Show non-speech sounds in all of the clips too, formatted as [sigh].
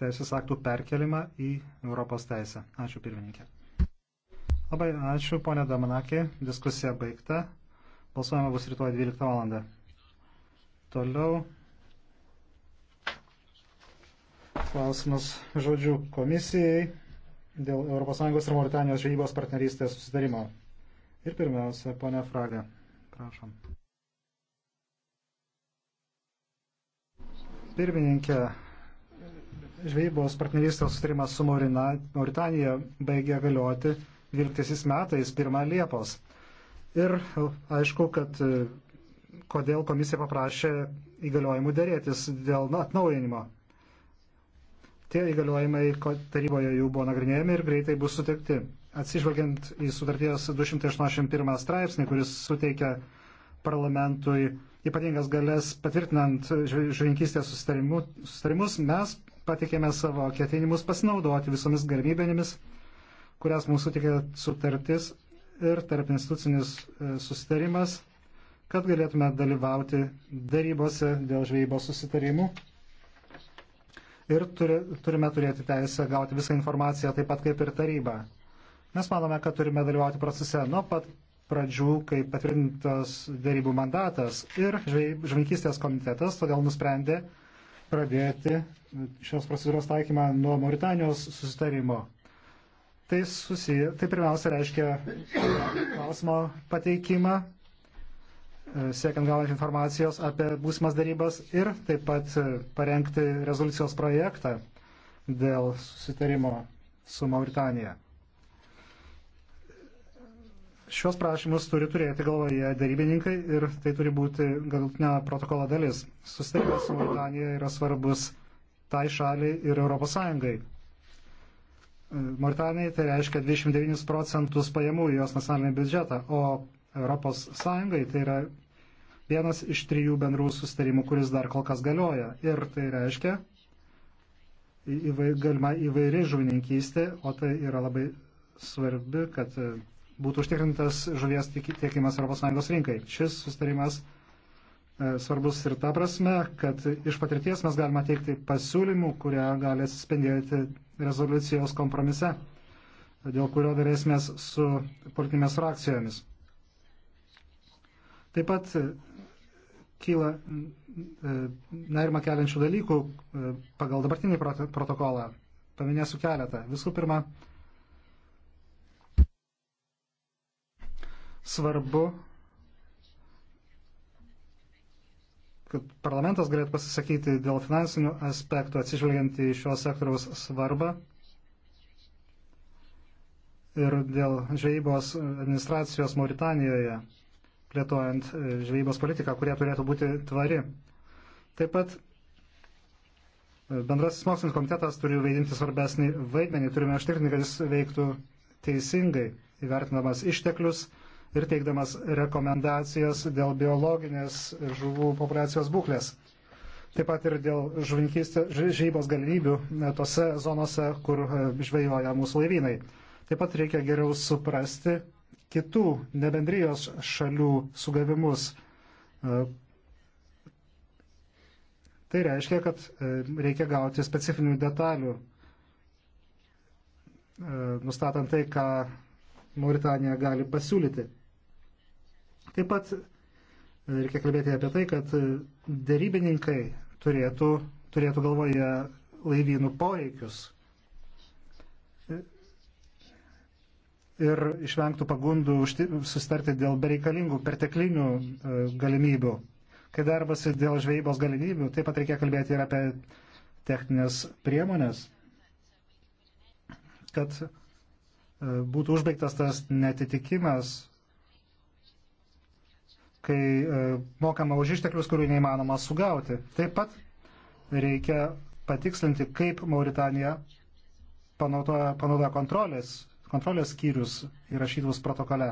teisės aktų perkelimą į Europos teisę. Ačiū pirmininkė. Labai ačiū, ponė Damanakė. Diskusija baigta. Balsuojama bus rytoj 12 val. Toliau klausimas žodžių komisijai dėl ES ir Mauritanijos žvejybos partnerystės susidarimo. Ir pirmiausia, ponė Fraga, prašom. Pirmininkė, žvejybos partnerystės sustarimas su Mauritanija baigė galioti 12 metais 1 Liepos. Ir aišku, kad kodėl komisija paprašė įgaliojimų dėrėtis dėl na, atnaujinimo. Tie įgaliojimai taryboje jau buvo nagrinėjami ir greitai bus sutikti. Atsižvelgiant į sutarties 281 straipsnį, kuris suteikia parlamentui ypatingas galės patvirtinant žvininkystės susitarimus, mes patikėme savo ketinimus pasinaudoti visomis galimybėmis, kurias mūsų tikė sutartis ir tarp institucinis e, susitarimas, kad galėtume dalyvauti darybose dėl žvejybos susitarimų. Ir turi, turime turėti teisę gauti visą informaciją, taip pat kaip ir taryba. Mes manome, kad turime dalyvauti procese nuo pat pradžių, kai patvirtintas darybų mandatas ir žvejybininkystės komitetas todėl nusprendė, pradėti šios procedūros taikymą nuo Mauritanijos susitarimo. Tai, susiję, tai pirmiausia reiškia klausimo pateikimą, e, siekiant gaunant informacijos apie būsimas darybas ir taip pat parengti rezoliucijos projektą dėl susitarimo su Mauritanija. Šios prašymus turi turėti galvoje darybininkai ir tai turi būti galutinio protokolo dalis. Susitarimas su Mauritanija yra svarbus tai šaliai ir ES. E, Mauritanijai tai reiškia 29 procentus pajamų į jos nacionalinį biudžetą, o ES tai yra vienas iš trijų bendrų susitarimų, kuris dar kol kas galioja. Ir tai reiškia įvai, galima įvairi žuvininkystė, o tai yra labai svarbi, kad e, būtų užtikrintas žuvies tiekimas ES rinkai. Šis sustarimas e, svarbus ir ta prasme, kad iš patirties mes galime teikti pasiūlymų, kurie gali atsispindėti rezoliucijos kompromise, dėl kurio darėsimės su politinėmis frakcijomis. Taip pat e, kyla e, nerima keliančių dalykų pagal dabartinį protokolą. Paminėsiu keletą. Visų pirma, svarbu, kad parlamentas galėtų pasisakyti dėl finansinių aspektų atsižvelgiant į šio sektoriaus svarbą ir dėl žvejybos administracijos Mauritanijoje, plėtojant e, žvejybos politiką, kurie turėtų būti tvari. Taip pat e, bendrasis mokslinis komitetas turi vaidinti svarbesnį vaidmenį, turime užtikrinti, kad jis veiktų teisingai, įvertinamas išteklius, ir teikdamas rekomendacijas dėl biologinės žuvų populiacijos būklės. Taip pat ir dėl žvejybos galimybių e, tose zonose, kur e, žvejoja mūsų laivynai. Taip pat reikia geriau suprasti kitų nebendrijos šalių sugavimus. E, tai reiškia, kad reikia gauti specifinių detalių, nustatant tai, ką Mauritanija gali pasiūlyti. Taip pat e, reikia kalbėti apie tai, kad e, dėrybininkai turėtų, turėtų galvoje laivynų poreikius e, ir išvengtų pagundų susitarti dėl bereikalingų perteklinių galimybių. Kai darbas dėl žvejybos galimybių, taip pat reikia kalbėti ir apie techninės priemonės, kad būtų užbaigtas tas netitikimas kai e, mokama už išteklius, kurių neįmanoma sugauti. Taip pat reikia patikslinti, kaip Mauritanija panaudoja, panaudoja kontrolės, kontrolės skyrius įrašytus protokole.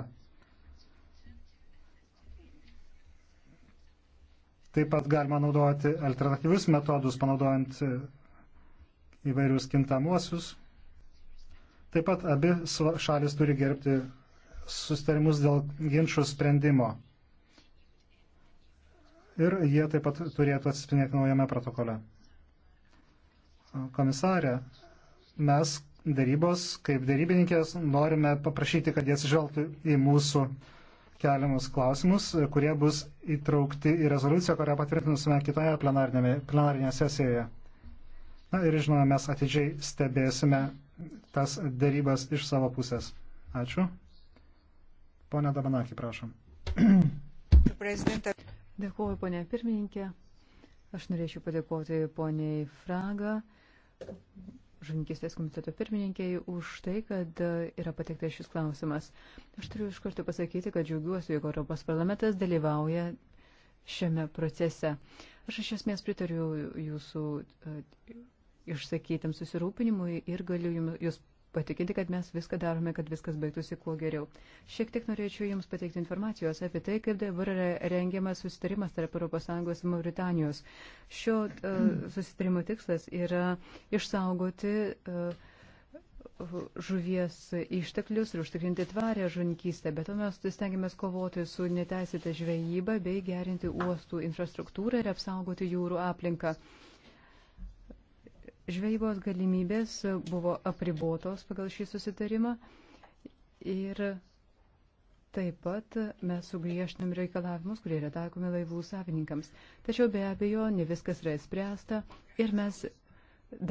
Taip pat galima naudoti alternatyvius metodus, panaudojant e, įvairius kintamuosius. Taip pat abi šalis turi gerbti sustarimus dėl ginčių sprendimo ir jie taip pat turėtų atsispindėti naujame protokole. Komisarė, mes darybos, kaip darybininkės, norime paprašyti, kad jie atsižvelgtų į mūsų keliamus klausimus, kurie bus įtraukti į rezoliuciją, kurią patvirtinusime kitoje plenarinėje sesijoje. Na ir žinoma, mes atidžiai stebėsime tas darybas iš savo pusės. Ačiū. Pone Dabanakį, prašom. Prezidentė Dėkuoju, ponė pirmininkė. Aš norėčiau padėkoti poniai Fraga, žuvininkistės komiteto pirmininkiai, už tai, kad e, yra patektas šis klausimas. Aš turiu iš karto pasakyti, kad džiaugiuosi, jog Europos parlamentas dalyvauja šiame procese. Aš iš esmės pritariu jūsų e, išsakytam susirūpinimui ir galiu jūs patikinti, kad mes viską darome, kad viskas baigtųsi kuo geriau. Šiek tiek norėčiau Jums pateikti informacijos apie tai, kaip dabar yra rengiamas susitarimas tarp ES ir Mauritanijos. Šio uh, susitarimo tikslas yra išsaugoti. Uh, žuvies išteklius ir užtikrinti tvarę žunkystę, bet to mes stengiamės kovoti su neteisėta žvejyba bei gerinti uostų infrastruktūrą ir apsaugoti jūrų aplinką. Uh, žvejybos galimybės buvo apribotos pagal šį susitarimą ir taip pat mes sugriežtinam reikalavimus, kurie yra taikomi laivų savininkams. Tačiau be abejo, ne viskas yra spręsta ir mes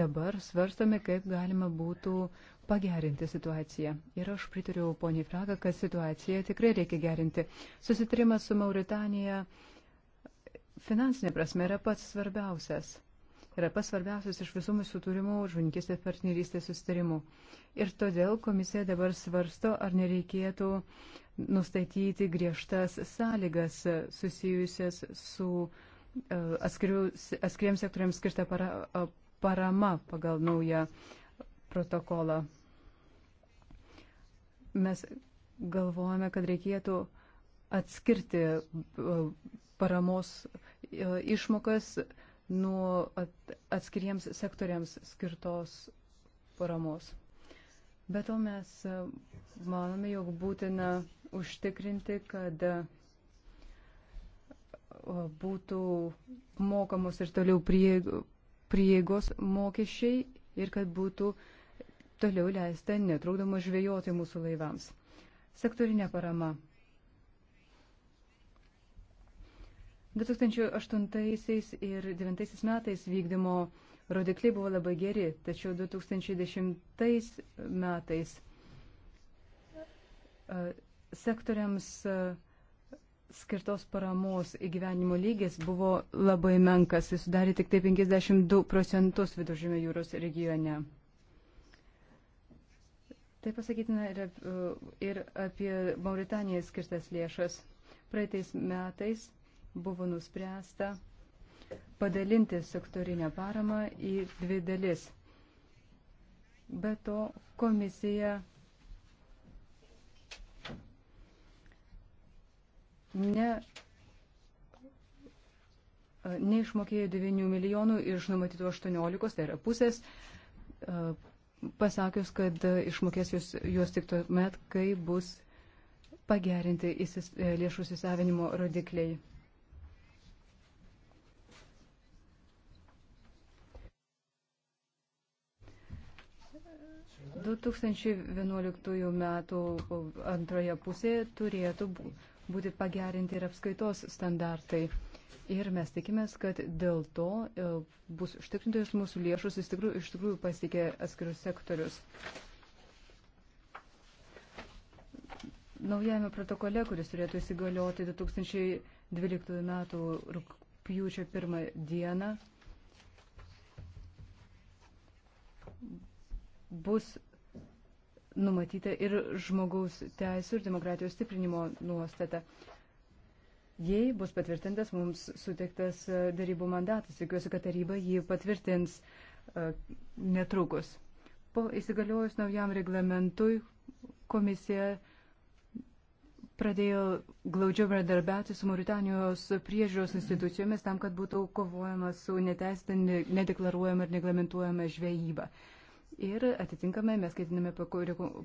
dabar svarstame, kaip galima būtų pagerinti situaciją. Ir aš pritariu poniai Fraga, kad situaciją tikrai reikia gerinti. Susitarimas su Mauritanija finansinė prasme yra pats svarbiausias yra pasvarbiausias iš visų mūsų turimų žuvininkistės partnerystės sustarimų. Ir todėl komisija dabar svarsto, ar nereikėtų nustatyti griežtas sąlygas susijusias su uh, e, atskiriu, atskiriams sektoriams skirta para, uh, parama pagal naują protokolą. Mes galvojame, kad reikėtų atskirti e, paramos išmokas nuo atskiriems sektoriams skirtos paramos. Be to mes e, manome, jog būtina užtikrinti, kad e, būtų mokamos ir toliau prieigos mokesčiai ir kad būtų toliau leista netrukdoma žvejoti mūsų laivams. Sektorinė parama 2008 ir 2009 metais vykdymo rodikliai buvo labai geri, tačiau 2010 metais e, sektoriams e, skirtos paramos įgyvenimo lygis buvo labai menkas, jis sudarė tik tai 52 procentus viduržėmio jūros regione. Tai pasakytina ir, e, ir apie Mauritanijai skirtas lėšas. Praeitais metais buvo nuspręsta padalinti sektorinę paramą į dvi dalis. Be to, komisija ne, neišmokėjo 9 milijonų iš numatytų 18, tai yra pusės, pasakius, kad išmokės juos, juos tik tuomet, kai bus pagerinti e, lėšų įsisavinimo rodikliai. 2011 metų antroje pusėje turėtų būti pagerinti ir apskaitos standartai. Ir mes tikimės, kad dėl to e, bus užtikrinta iš mūsų lėšus, iš tikrųjų, iš tikrųjų pasiekė atskirius sektorius. Naujame protokole, kuris turėtų įsigalioti 2012 metų rūpjūčio pirmą dieną, bus numatyta ir žmogaus teisų ir demokratijos stiprinimo nuostata. Jei bus patvirtintas mums suteiktas e, darybų mandatas, tikiuosi, kad taryba jį patvirtins e, netrukus. Po įsigaliojus naujam reglamentui komisija pradėjo glaudžiau bendradarbiauti su Mauritanijos priežiūros institucijomis tam, kad būtų kovojama su neteisėta, nedeklaruojama ir neglamentuojama žvejyba. Uh, ir atitinkamai mes ketiname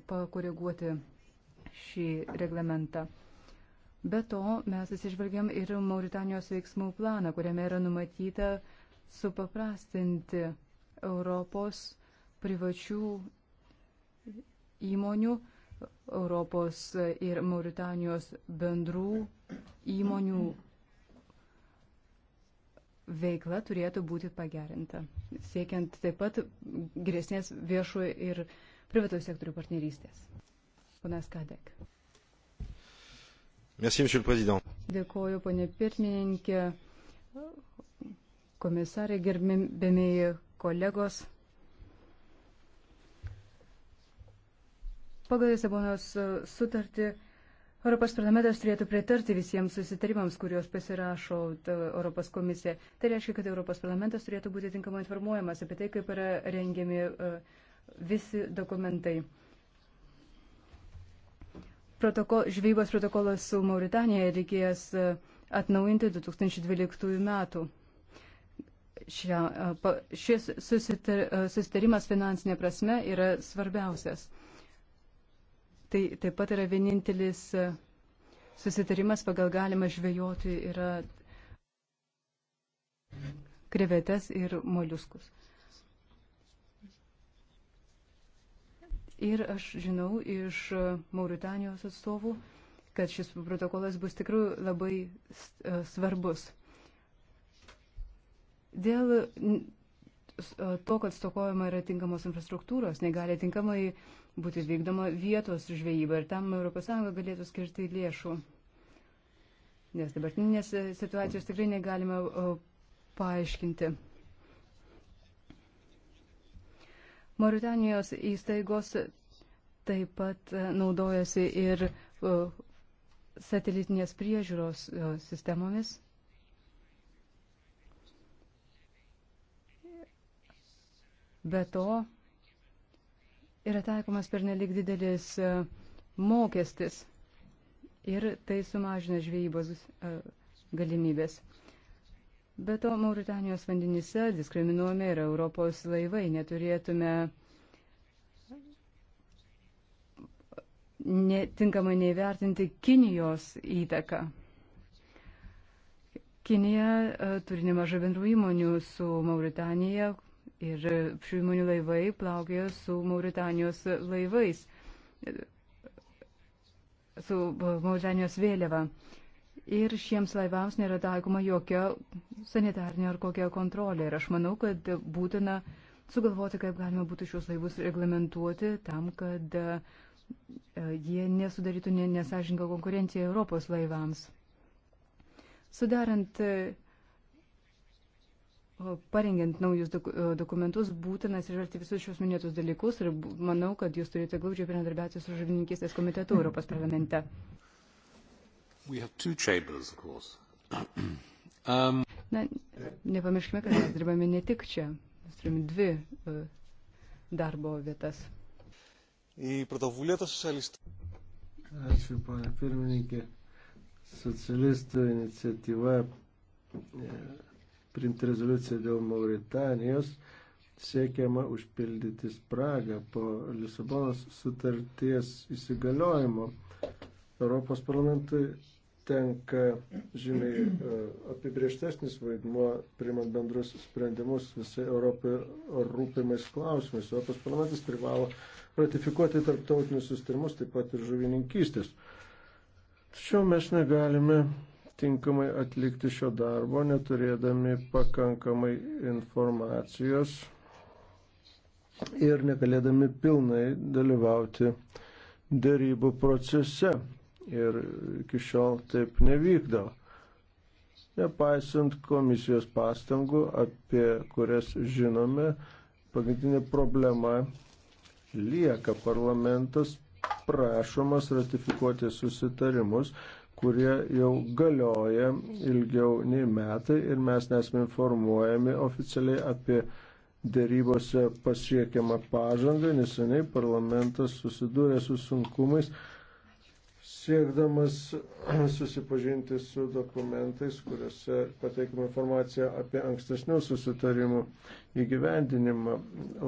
pakoreguoti šį reglamentą. Be to, mes atsižvelgiam ir Mauritanijos veiksmų planą, kuriame yra numatyta supaprastinti Europos privačių įmonių, Europos ir Mauritanijos bendrų įmonių veikla turėtų būti pagerinta, siekiant taip pat geresnės viešo ir privataus sektorių partnerystės. Ponas Kadek. Merci, monsieur le président. Dėkoju, ponė pirmininkė, komisarė, gerbėmėjai kolegos. Pagal Lisabonos sutartį Europos parlamentas turėtų pritarti visiems susitarimams, kuriuos pasirašo e, Europos komisija. Tai reiškia, kad Europos parlamentas turėtų būti tinkamai informuojamas apie tai, kaip yra rengiami e, visi dokumentai. Protoko, žvejybos protokolas su Mauritanija reikės e, atnaujinti 2012 metų. Šia, šis susitar, susitarimas finansinė prasme yra svarbiausias. Tai taip pat yra vienintelis e, susitarimas, pagal galima žvejoti yra krevetes ir moliuskus. Ir aš žinau iš Mauritanijos atstovų, kad šis protokolas bus tikrai labai e, svarbus. Dėl e, to, kad stokojama yra tinkamos infrastruktūros, negali tinkamai būti vykdoma vietos žvejyba ir tam ES galėtų skirti lėšų. Nes dabartinės situacijos tikrai negalime paaiškinti. Mauritanijos įstaigos taip pat e, naudojasi ir satelitinės priežiūros e, sistemomis. Be to, yra taikomas per nelik didelis e, mokestis ir tai sumažina žvejybos e, galimybės. Be to, Mauritanijos vandenyse diskriminuojami yra Europos laivai. Neturėtume netinkamai neįvertinti Kinijos įtaką. Kinija e, turi nemažai bendrų įmonių su Mauritanija, Ir šių įmonių laivai plaukė su Mauritanijos laivais, su Mauritanijos vėliava. Ir šiems laivams nėra taikoma jokia sanitarnė ar kokia kontrolė. Ir aš manau, kad būtina sugalvoti, kaip galima būtų šios laivus reglamentuoti tam, kad e, jie nesudarytų nesažinką konkurenciją Europos laivams. Sudarant e, Parengiant naujus e, dokumentus būtinas išverti visus šios minėtus dalykus ir manau, kad jūs turite glaudžiai bendradarbiauti su žuvininkystės komitetu Europos parlamente. Chambers, [clears throat] um... Na, nepamirškime, kad mes dirbame ne tik čia, mes turime dvi uh, darbo vietas. Į protavulėtą socialistą. Ačiū, pane pirmininkė. Socialistų iniciatyva. Yeah priimti rezoliuciją dėl Mauritanijos siekiama užpildyti spragą po Lisabonos sutarties įsigaliojimo. Europos parlamentui tenka žymiai e, apibrieštesnis vaidmuo priimant bendrus sprendimus visai Europai rūpimais klausimais. Europos parlamentas privalo ratifikuoti tarptautinius sustarimus, taip pat ir žuvininkystės. Tačiau mes negalime tinkamai atlikti šio darbo, neturėdami pakankamai informacijos ir negalėdami pilnai dalyvauti dėrybų procese. Ir iki šiol taip nevykdo. Nepaisant komisijos pastangų, apie kurias žinome, pagrindinė problema lieka parlamentas prašomas ratifikuoti susitarimus, kurie jau galioja ilgiau nei metai ir mes nesame informuojami oficialiai apie dėrybose pasiekiamą pažangą. Neseniai parlamentas susidūrė su sunkumais siekdamas [clears throat] susipažinti su dokumentais, kuriuose pateikima informacija apie ankstesnių susitarimų įgyvendinimą.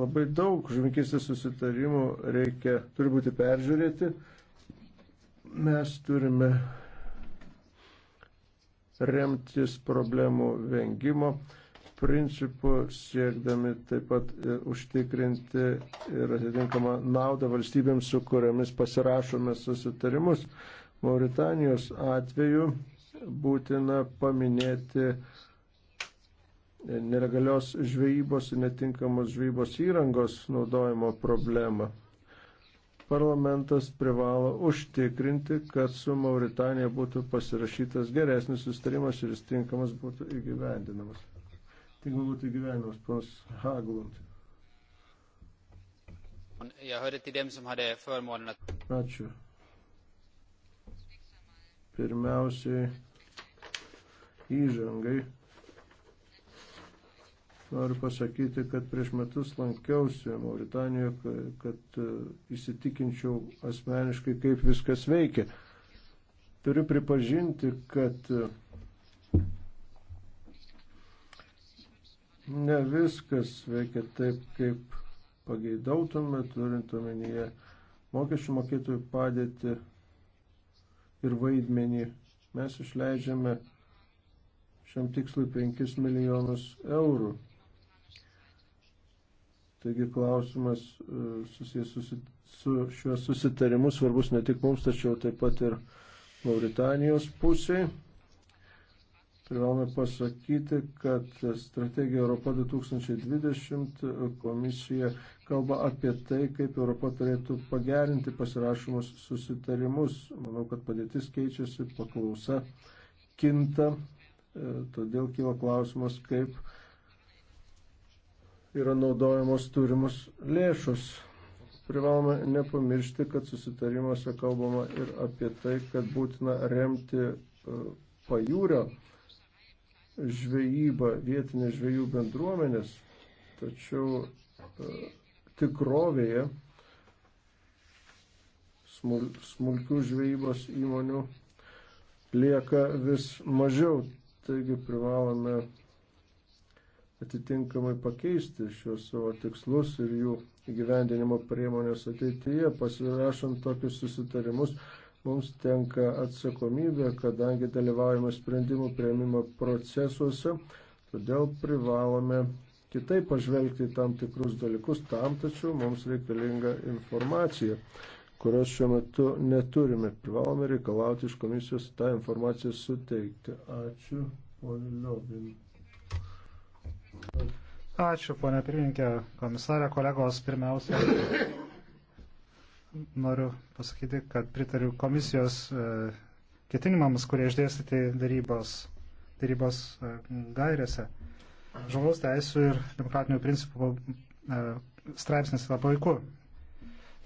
Labai daug žvinkistės susitarimų reikia, turi būti peržiūrėti. Mes turime remtis problemų vengimo principų, siekdami taip pat e, užtikrinti ir atitinkamą naudą valstybėms, su kuriamis pasirašome susitarimus. Mauritanijos atveju būtina paminėti e, nelegalios žvejybos ir netinkamos žvejybos įrangos naudojimo problemą parlamentas privalo užtikrinti, kad su Mauritanija būtų pasirašytas geresnis sustarimas ir jis tinkamas būtų įgyvendinamas. Tinkamas būtų įgyvendinamas, ponas Haglund. Ačiū. Pirmiausiai įžangai. Noriu pasakyti, kad prieš metus lankiausi Mauritanijoje, kad e, įsitikinčiau asmeniškai, kaip viskas veikia. Turiu pripažinti, kad e, ne viskas veikia taip, kaip pageidautume, turint omenyje mokesčių mokėtojų padėti ir vaidmenį. Mes išleidžiame šiam tikslui 5 milijonus eurų Taigi klausimas e, susijęs su šiuo susitarimu svarbus ne tik mums, tačiau taip pat ir Mauritanijos pusiai. Privalome pasakyti, kad strategija Europa 2020 e, komisija kalba apie tai, kaip Europa turėtų pagerinti pasirašymus susitarimus. Manau, kad padėtis keičiasi, paklausa kinta, e, todėl kyla klausimas, kaip yra naudojamos turimus lėšus. Privalome nepamiršti, kad susitarimuose kalbama ir apie tai, kad būtina remti e, pajūrio žvejybą, vietinės žvejų bendruomenės, tačiau e, tikrovėje smulkių žvejybos įmonių lieka vis mažiau. Taigi privalome atitinkamai pakeisti šios savo tikslus ir jų gyvendinimo priemonės ateityje. Pasirašant tokius susitarimus, mums tenka atsakomybė, kadangi dalyvaujame sprendimų prieimimo procesuose, todėl privalome kitaip pažvelgti tam tikrus dalykus, tam tačiau mums reikalinga informacija kurios šiuo metu neturime. Privalome reikalauti iš komisijos tą informaciją suteikti. Ačiū, ponė Liobin. Ačiū, ponė pirmininkė, komisarė, kolegos. Pirmiausia, noriu pasakyti, kad pritariu komisijos e, ketinimams, kurie išdėstyti darybos, darybos e, gairėse. Žmogaus teisų ir demokratinių principų e, straipsnis yra puiku.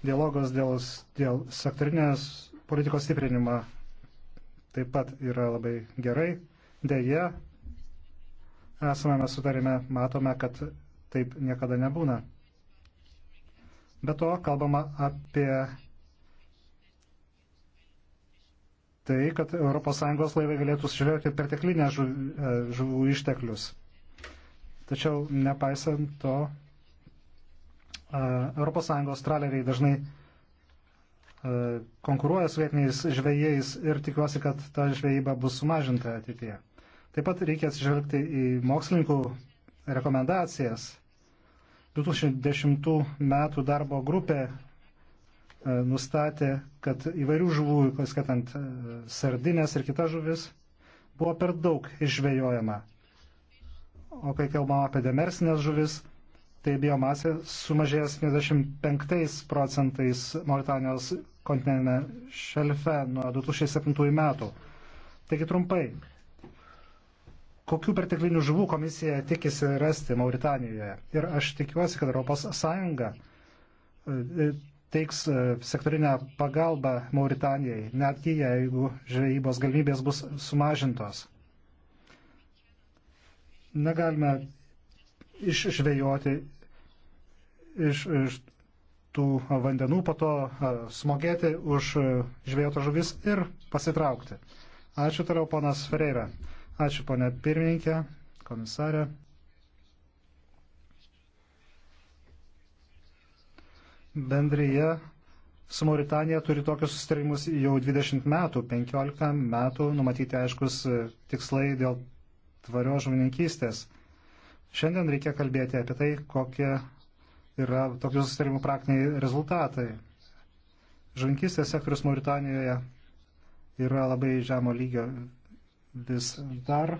Dialogas dėl, dėl sektorinės politikos stiprinimo taip pat yra labai gerai. Deja, esame sutarime, matome, kad taip niekada nebūna. Be to, kalbama apie tai, kad ES laivai galėtų sužvėjoti perteklinę e, žuvų išteklius. Tačiau, nepaisant to, e, ES traleriai dažnai e, konkuruoja su vietiniais žvėjais ir tikiuosi, kad ta žvejyba bus sumažinta ateityje. Taip pat reikia atsižvelgti į mokslininkų rekomendacijas. 2010 metų darbo grupė e, nustatė, kad įvairių žuvų, paskatant e, sardinės ir kitas žuvis, buvo per daug išvejojama. O kai kalbama apie demersinės žuvis, tai biomasė sumažėjo 75 procentais Mauritanijos kontinentinė šelfe nuo 2007 metų. Taigi trumpai, kokių perteklinių žuvų komisija tikisi rasti Mauritanijoje. Ir aš tikiuosi, kad ES e, teiks e, sektorinę pagalbą Mauritanijai, netgi jeigu žvejybos galimybės bus sumažintos. Negalime išžvejoti iš, iš tų vandenų, po to e, smogėti už žvėjoto žuvis ir pasitraukti. Ačiū toliau, ponas Ferreira. Ačiū, ponė pirmininkė, komisarė. Bendryje su Mauritanija turi tokius sustarimus jau 20 metų, 15 metų numatyti aiškus tikslai dėl tvarios žuvininkystės. Šiandien reikia kalbėti apie tai, kokie yra tokių sustarimų praktiniai rezultatai. Žuvininkystės sektorius Mauritanijoje yra labai žemo lygio vis dar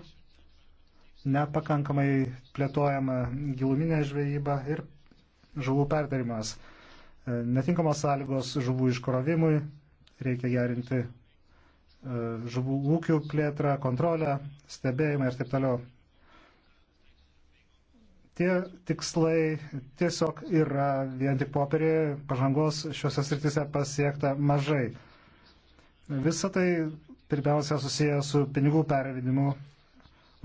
nepakankamai plėtojama giluminė žvejyba ir žuvų perdarimas. E, netinkamos sąlygos žuvų iškrovimui, reikia gerinti e, žuvų ūkių plėtrą, kontrolę, stebėjimą ir taip toliau. Tie tikslai tiesiog yra vien tik popierį, pažangos šiuose srityse pasiekta mažai. Visą tai pirmiausia susiję su pinigų pervedimu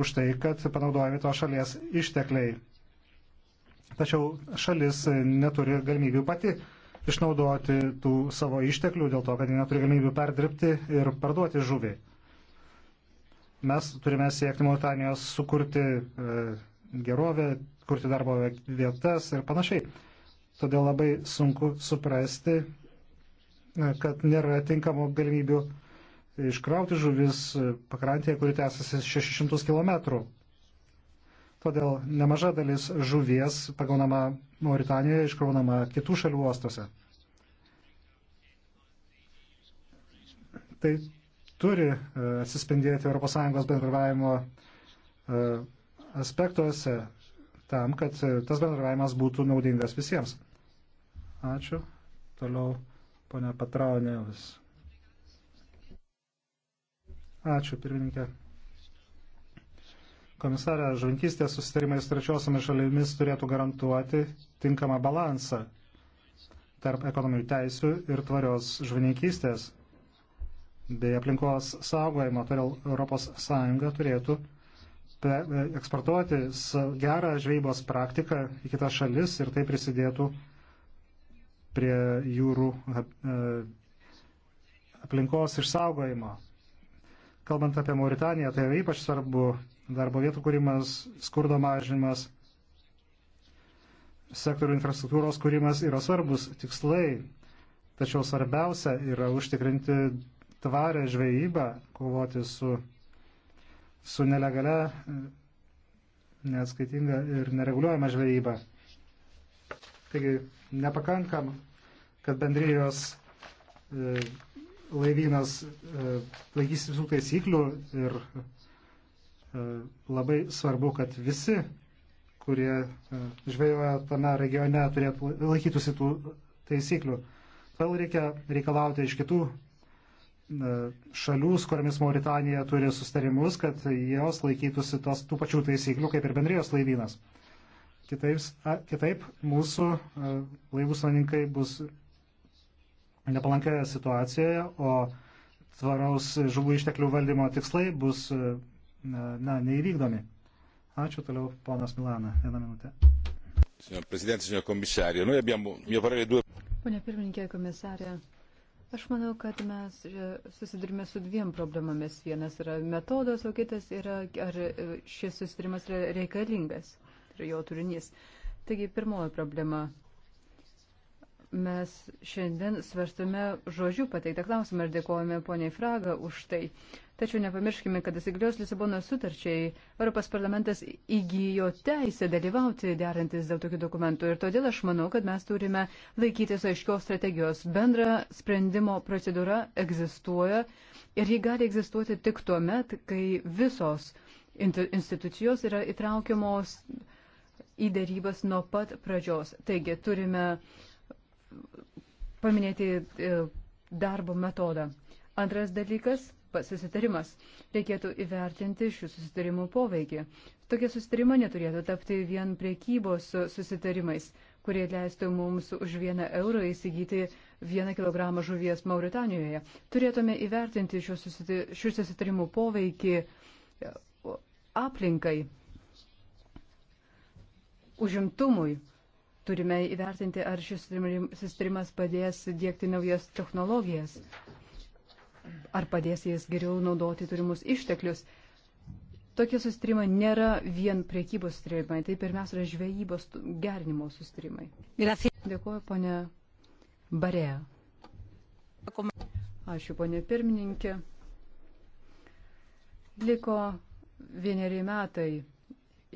už tai, kad panaudojami to šalies ištekliai. Tačiau šalis neturi galimybių pati išnaudoti tų savo išteklių dėl to, kad jie neturi galimybių perdirbti ir parduoti žuvį. Mes turime siekti Mauritanijos sukurti e, gerovę, kurti darbo vietas ir panašiai. Todėl labai sunku suprasti, e, kad nėra tinkamų galimybių uh, iškrauti žuvis pakrantėje, kuri tęsiasi 600 km. Todėl nemaža dalis žuvies pagaunama Mauritanijoje, iškraunama kitų šalių uostose. Tai turi e, atsispindėti ES bendravimo e, aspektuose tam, kad e, tas bendravimas būtų naudingas visiems. Ačiū. Toliau ponia Patraunėvis. Ačiū, pirmininkė. Komisarė, žankystės susitarimai su trečiosiomis šalimis turėtų garantuoti tinkamą balansą tarp ekonominių teisių ir tvarios žvininkystės bei aplinkos saugojimo. Todėl ES turėtų e, eksportuoti gerą žvejybos praktiką į kitas šalis ir tai prisidėtų prie jūrų e, aplinkos išsaugojimo. Kalbant apie Mauritaniją, tai ypač svarbu darbo vietų kūrimas, skurdo mažinimas, sektorių infrastruktūros kūrimas yra svarbus tikslai, tačiau svarbiausia yra užtikrinti tvarę žvejybą, kovoti su, su nelegale, neatskaitinga ir nereguliuojama žvejyba. Taigi nepakankam, kad bendrijos e, laivynas e, laikysis visų taisyklių ir e, labai svarbu, kad visi, kurie e, žvejoja tame regione, turėtų laikytųsi tų taisyklių. Todėl reikia reikalauti iš kitų šalių, su kuriamis Mauritanija turi sustarimus, kad jos laikytųsi tos, tų pačių taisyklių kaip ir bendrijos laivynas. Kitaip, a, kitaip mūsų laivų savininkai bus nepalankioje situacijoje, o tvaraus žuvų išteklių valdymo tikslai bus e, na, neįvykdomi. Ačiū toliau, ponas Milana. Vieną minutę. Signor Presidente, signor Commissario, noi abbiamo, mio parere, due. Pone pirmininkė, komisarė, aš manau, kad mes e, susidurime su dviem problemomis. Vienas yra metodas, o kitas yra, ar e, šis susidurimas yra reikalingas, tai yra jo turinys. Taigi, pirmoji problema mes šiandien svarstame žodžių pateiktą klausimą ir dėkojame poniai Fraga už tai. Tačiau nepamirškime, kad įsigalios Lisabono sutarčiai Europos parlamentas įgyjo teisę dalyvauti derantis dėl tokių dokumentų ir todėl aš manau, kad mes turime laikytis aiškios strategijos. Bendra sprendimo procedūra egzistuoja ir ji gali egzistuoti tik tuo met, kai visos institucijos yra įtraukiamos į dėrybas nuo pat pradžios. Taigi turime uh, paminėti e, darbo metodą. Antras dalykas - susitarimas. Reikėtų įvertinti šių susitarimų poveikį. Tokie susitarimai neturėtų tapti vien priekybos susitarimais, kurie leistų mums už vieną eurą įsigyti vieną kilogramą žuvies Mauritanijoje. Turėtume įvertinti šių susitarimų poveikį e, aplinkai, užimtumui, turime įvertinti, ar šis sisterimas padės dėkti naujas technologijas, ar padės jas geriau naudoti turimus išteklius. Tokie sustarimai nėra vien priekybos sustarimai, tai pirmiausia yra žvejybos gerinimo sustarimai. Dėkuoju, ponė Barė. Ačiū, ponė pirmininkė. Liko vieneri metai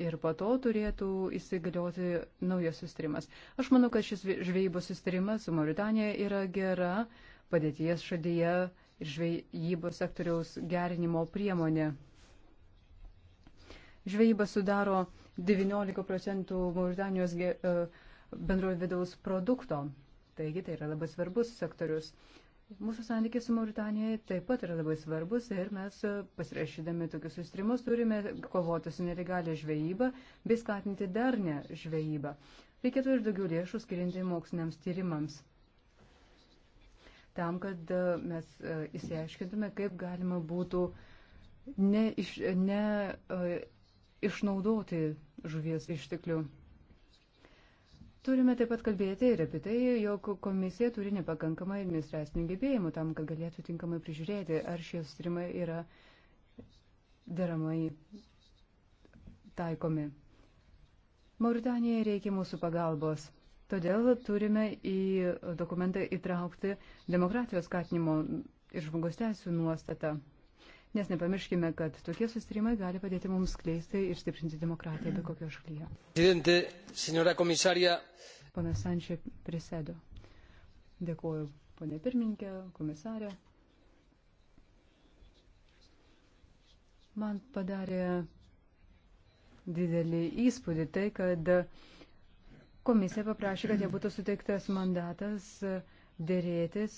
ir po to turėtų įsigalioti naujas sustarimas. Aš manau, kad šis žvejybos sustarimas su Mauritanija yra gera padėties šalyje ir žvejybos sektoriaus gerinimo priemonė. Žvejyba sudaro 19 procentų Mauritanijos e, bendrojo vidaus produkto. Taigi tai yra labai svarbus sektorius. Mūsų santykiai su Mauritanija taip pat yra labai svarbus ir mes e, pasirašydami tokius sustrimus turime kovoti su nelegalia žvejyba bei skatinti darnę žvejybą. Reikėtų ir daugiau lėšų skirinti moksliniams tyrimams. Tam, kad e, mes įsiaiškintume, e, kaip galima būtų neišnaudoti ne, iš, ne, žuvies išteklių. Turime taip pat kalbėti ir apie tai, jog komisija turi nepakankamai administracinių gebėjimų tam, kad galėtų tinkamai prižiūrėti, ar šie sustrimai yra deramai taikomi. Mauritanijai reikia mūsų pagalbos. Todėl turime į dokumentą įtraukti demokratijos skatinimo ir žmogaus teisų nuostatą nes nepamirškime, kad tokie sustarimai gali padėti mums skleisti ir stiprinti demokratiją be kokio šalyje. Ponas Sančia prisėdo. Dėkuoju, ponė pirmininkė, komisarė. Man padarė didelį įspūdį tai, kad komisija paprašė, kad jie būtų suteiktas mandatas dėrėtis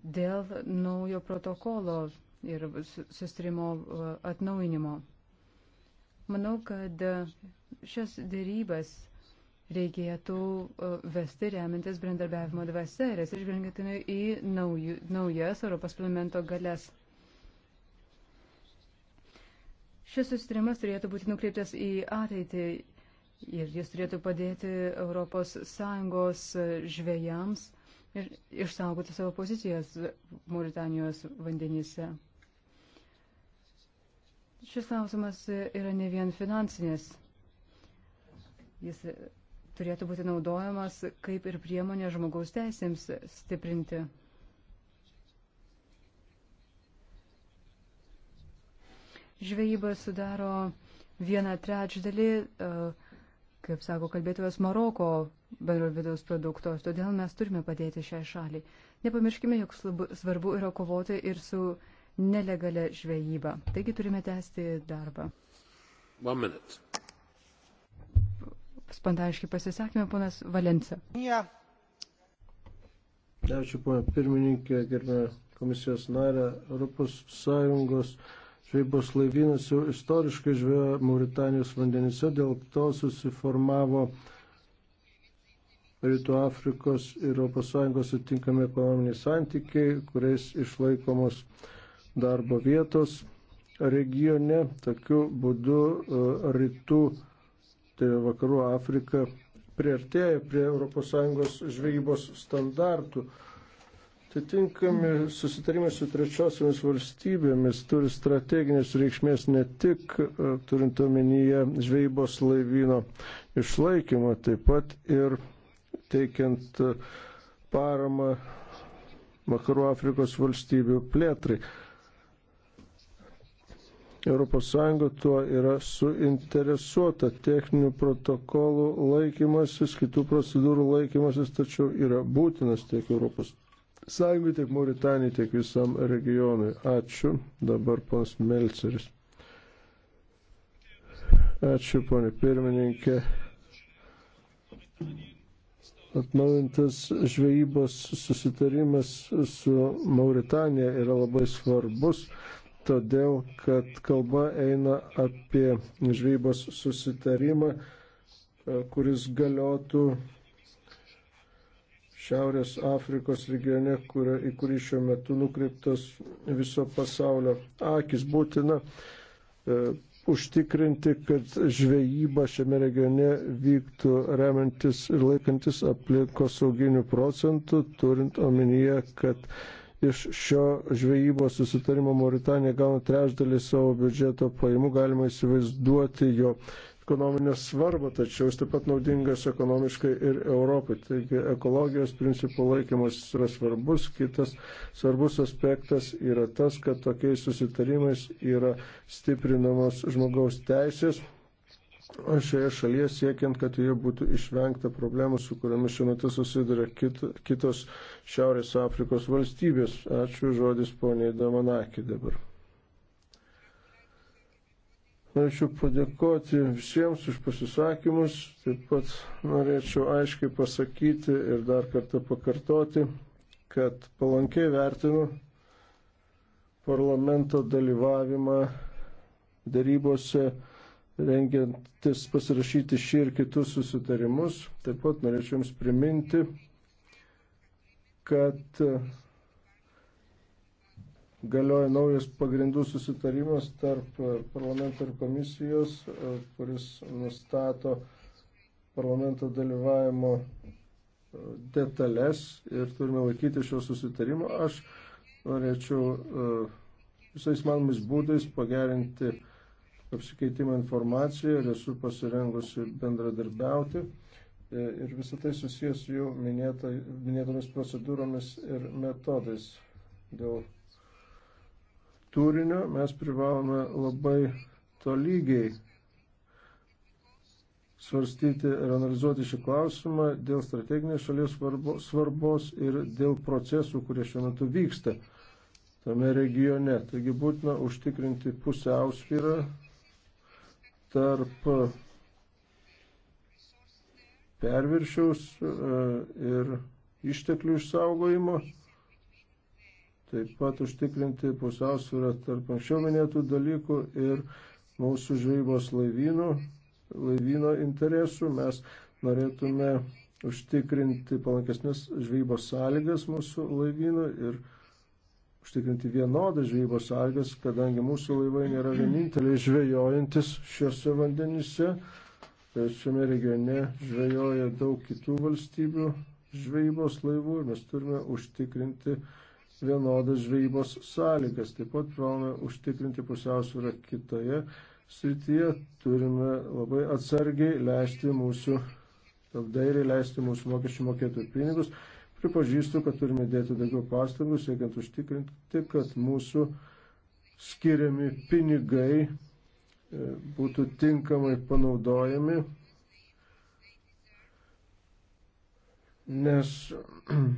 dėl naujo protokolo ir sustarimo e, atnauinimo. Manau, kad e, šias dėrybas reikėtų e, vesti remintis bendarbiavimo dvasia ir atsižvelgiantinu į naujų, naujas Europos parlamento galės. Šis susitarimas turėtų būti nukreiptas į ateitį ir jis turėtų padėti ES žvėjams ir išsaugoti savo pozicijas Mauritanijos vandenyse. Šis klausimas yra ne vien finansinis. Jis turėtų būti naudojamas kaip ir priemonė žmogaus teisėms stiprinti. Žvejyba sudaro vieną trečdalį, e, kaip sako kalbėtojas, Maroko bendro vidaus produkto. Todėl mes turime padėti šiai šaliai. Nepamirškime, jog svarbu yra kovoti ir su nelegalę žvejybą. Taigi turime tęsti darbą. Spontaniški pasisakymai, ponas Valenca. Yeah. Ačiū, ponia pirmininkė, gerbė komisijos narė. Europos Sąjungos žvejybos laivynas jau istoriškai žvėjo Mauritanijos vandenyse, dėl to susiformavo Rytų Afrikos ir ES atitinkami ekonominiai santykiai, kuriais išlaikomos darbo vietos regione. Tokiu būdu e, rytų, tai vakarų Afrika, priartėja prie ES žvejybos standartų. Atitinkami susitarimai su trečiosiomis valstybėmis turi strateginės reikšmės ne tik e, turint omenyje žvejybos laivyno išlaikymą, taip pat ir teikiant e, paramą Vakarų Afrikos valstybių plėtrai. ES tuo yra suinteresuota techninių protokolų laikymasis, kitų procedūrų laikymasis, tačiau yra būtinas tiek ES, tiek Mauritanijai, tiek visam regionui. Ačiū. Dabar pas Melceris. Ačiū, ponė pirmininkė atnaujintas žvejybos susitarimas su Mauritanija yra labai svarbus todėl kad kalba eina apie žvejybos susitarimą, e, kuris galiotų Šiaurės Afrikos regione, kurio, į kurį šiuo metu nukreiptos viso pasaulio akis būtina e, užtikrinti, kad žvejyba šiame regione vyktų remiantis ir laikantis aplinkos sauginių procentų, turint omenyje, kad e, iš šio žvejybos susitarimo Mauritanija gauna trečdalį savo biudžeto pajamų, galima įsivaizduoti jo ekonominę svarbą, tačiau jis taip pat naudingas ekonomiškai ir Europai. Taigi ekologijos principų laikymas yra svarbus. Kitas svarbus aspektas yra tas, kad tokiais susitarimais yra stiprinamos žmogaus teisės šioje šalyje siekiant, kad joje būtų išvengta problemų, su kuriomis šiuo metu susiduria kit, kitos Šiaurės Afrikos valstybės. Ačiū žodis poniai Damanakį dabar. Norėčiau padėkoti visiems už pasisakymus, taip pat norėčiau aiškiai pasakyti ir dar kartą pakartoti, kad palankiai vertinu parlamento dalyvavimą darybose rengiantis pasirašyti šį ir kitus susitarimus. Taip pat norėčiau Jums priminti, kad e, galioja naujas pagrindų susitarimas tarp e, parlamento ir komisijos, e, kuris nustato parlamento dalyvavimo detalės ir turime laikyti šio susitarimo. Aš norėčiau visais manomais būdais pagerinti apsikeitimą informaciją ir esu pasirengusi bendradarbiauti. E, ir visą tai susijęs su jau minėta, minėtomis procedūromis ir metodais. Dėl turinio mes privalome labai tolygiai svarstyti ir analizuoti šį klausimą dėl strateginės šalies svarbos ir dėl procesų, kurie šiuo metu vyksta tame regione. Taigi būtina užtikrinti pusiausvyrą tarp perviršiaus e, ir išteklių išsaugojimo, taip pat užtikrinti pusiausvyrą tarp anksčiau minėtų dalykų ir mūsų žvejybos laivynų, laivyno interesų. Mes norėtume užtikrinti palankesnės žvejybos sąlygas mūsų laivynų ir užtikrinti vienodas žvejybos sąlygas, kadangi mūsų laivai nėra vieninteliai žvejojantis šiuose vandenyse. E, šiame regione žvejoja daug kitų valstybių žvejybos laivų ir mes turime užtikrinti vienodas žvejybos sąlygas. Taip pat privalome užtikrinti pusiausvyrą kitoje srityje. Turime labai atsargiai leisti mūsų, apdairiai leisti mūsų mokesčių mokėtojų pinigus Pripažįstu, kad turime dėti daugiau pastangų, siekiant užtikrinti, kad mūsų skiriami pinigai e, būtų tinkamai panaudojami, nes [clears throat]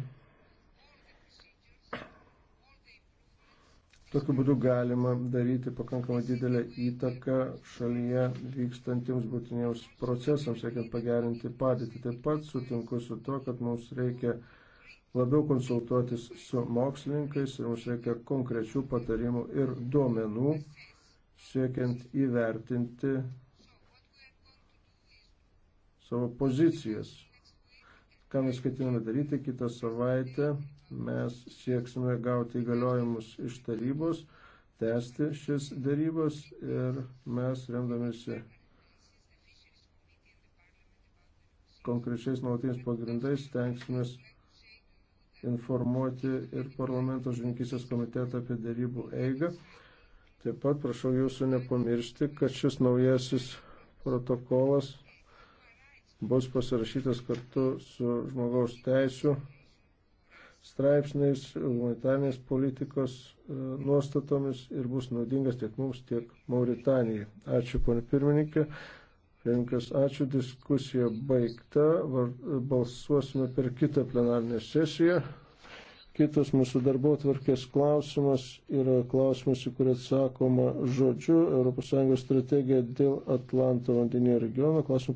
tokiu būdu galima daryti pakankamai didelę įtaką šalyje vykstantiems būtiniems procesams, siekiant pagerinti padėtį. Taip pat sutinku su to, kad mums reikia labiau konsultuotis su mokslininkais ir mums reikia konkrečių patarimų ir duomenų, siekiant įvertinti savo pozicijas. Ką mes ketiname daryti kitą savaitę, mes sieksime gauti įgaliojimus iš tarybos, tęsti šis darybos ir mes remdamėsi konkrečiais nuolatiniais pagrindais tenksimės informuoti ir parlamento žvinkysės komitetą apie darybų eigą. Taip pat prašau jūsų nepamiršti, kad šis naujasis protokolas bus pasirašytas kartu su žmogaus teisų straipsniais, humanitarnės politikos e, nuostatomis ir bus naudingas tiek mums, tiek Mauritanijai. Ačiū, ponė pirmininkė. Pirmininkas, ačiū, diskusija baigta, balsuosime per kitą plenarinę sesiją. Kitas mūsų darbo tvarkės klausimas yra klausimas, į kurį atsakoma žodžiu ES strategija dėl Atlanto vandenyje regiono. Klausim